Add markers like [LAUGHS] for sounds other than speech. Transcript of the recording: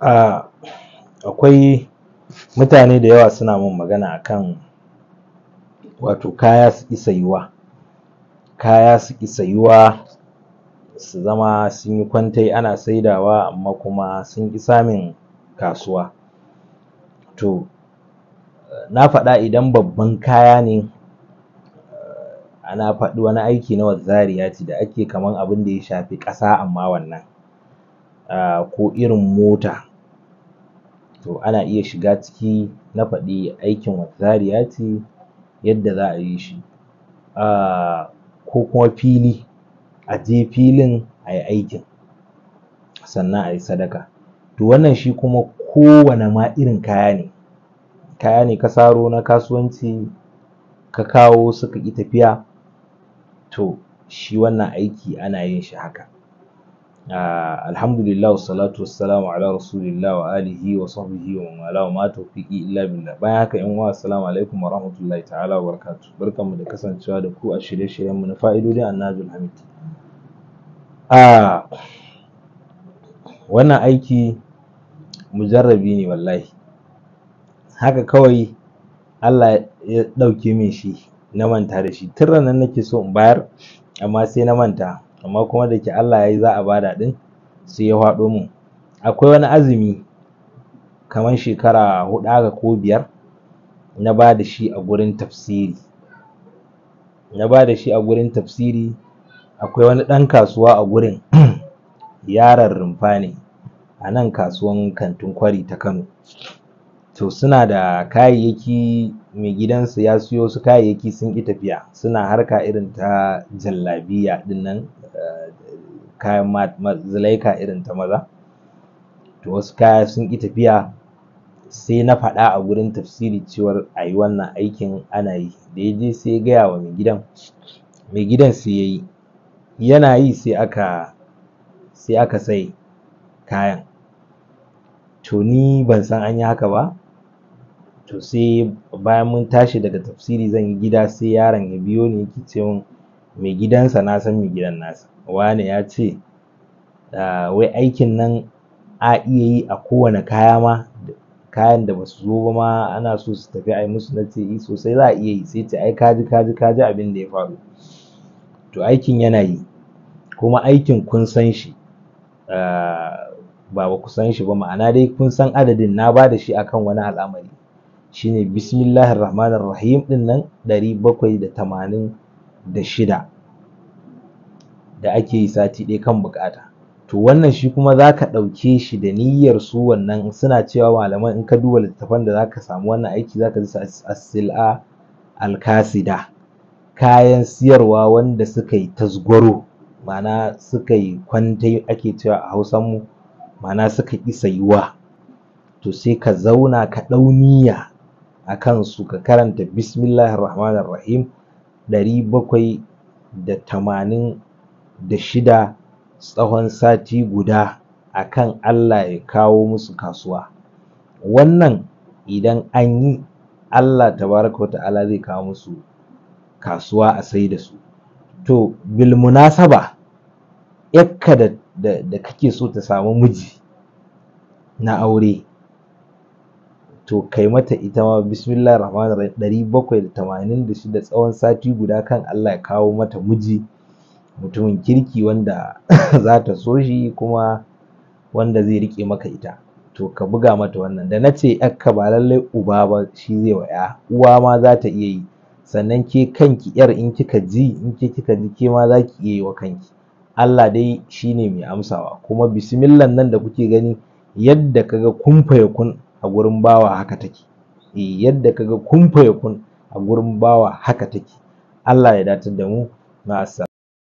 akwai mutane da yawa suna min magana akan wato kaya su ƙi sayuwa kaya su ƙi sayuwa su zama sun yi kwantai ana saidawa amma kuma sun ƙi samun kasuwa to na faɗa idan babban kaya ne ana faɗi wani aiki na ce, da ake kaman abin da ya shafi ƙasa amma wannan ko irin mota to ana iya shiga ciki na faɗi aikin ce, yadda za a yi shi a ko kuma fili a je filin a yi aikin sannan a yi sadaka to wannan shi kuma kowane ma irin kaya ne kaya ne ka saro na kasuwanci ka kawo suka ƙi tafiya to shi wannan aiki ana yin shi haka alhamdulillah wassalatu wassalamu ala rasulillah wa alihi wa sahbihi wa wala wa ma tawfiqi illa billah bayan haka yan uwa assalamu alaikum wa rahmatullahi ta'ala wa barakatuh mu da kasancewa da ku a shirye-shiryen mu na fa'idodin annajul hamid a wannan aiki mujarrabi ne wallahi haka kawai Allah ya ɗauke min shi na manta da shi tun ranar nake so in bayar amma sai na manta amma kuma da ke Allah ya yi za a bada ɗin sai ya faɗo mu akwai wani azumi kamar shekara huɗu ga ko biyar na ba da shi a gurin tafsiri na ba da shi a gurin tafsiri akwai wani ɗan kasuwa a gurin [CLEARS THROAT] yaron rumfa ne a nan kasuwan kantin kwari ta kano to suna da kayayyaki mai gidansu ya siyo su kayayyaki sun ƙi tafiya suna harka irin ta jallabiya ɗin nan kayan zulaika irin ta maza to wasu kaya sun ƙi tafiya sai na faɗa a gurin tafsiri cewar a yi wannan aikin ana yi da ya je sai ya gaya wa mai gidan mai gidan sai ya yi yana yi sai aka sai aka sai kayan to ni ban san an yi haka ba to sai bayan mun tashi daga tafsiri zan yi gida sai yaron ya biyo ni yake ce min mai gidansa na san mai gidan nasa wane ya ce wai aikin nan a iya yi a kowane kaya ma kayan da basu zo ba ma ana so su tafi a musu na ce i eh, sosai za a iya yi sai ce ai kaji kaji kaji abin da ya faru to aikin yana yi kuma aikin kun san shi ah, ba ba ku san shi ba ma'ana dai kun san adadin na ba da shi akan wani al'amari shine bismillahir rahmanir rahim din nan ɗari bakwai da tamanin da shida da ake yi sati ɗaya kan buƙata to wannan shi kuma za ka ɗauke shi da niyyar su wannan suna cewa malaman in ka duba littattafan da za ka samu wannan aiki za ka ji alkasida kayan siyarwa wanda suka yi tasgwaro ma'ana suka yi kwantai ake cewa a hausan mu ma'ana suka ƙi sayuwa to sai ka zauna ka ɗau niyya a kansu ka karanta bismillahir rahmanir rahim ɗari bakwai da tamanin da shida tsawon sati guda akan Allah ya kawo musu kasuwa wannan idan an yi Allah tabaraka wa ta'ala zai kawo musu kasuwa a sai da su to bil munasaba yakka da kake so ta samu miji na aure to kai mata ita ma bismillah rahmanir rahim ɗari bakwai da tamanin da shida tsawon sati guda kan Allah ya kawo mata miji mutumin kirki wanda [LAUGHS] za ta so shi kuma wanda zai riƙe maka ita to ka buga mata wannan da na ce yakka ba lallai uba ba shi zai wa ya uwa ma za ta iya yi sannan ke kanki yar in kika ji in ke kika ji ke ma za ki iya yi wa kanki Allah dai shine mai amsawa kuma bismillah nan da kuke gani yadda kaga kun kun a gurin bawa haka take e, yadda kaga kun faya kun a gurin bawa haka take Allah ya datar da mu ma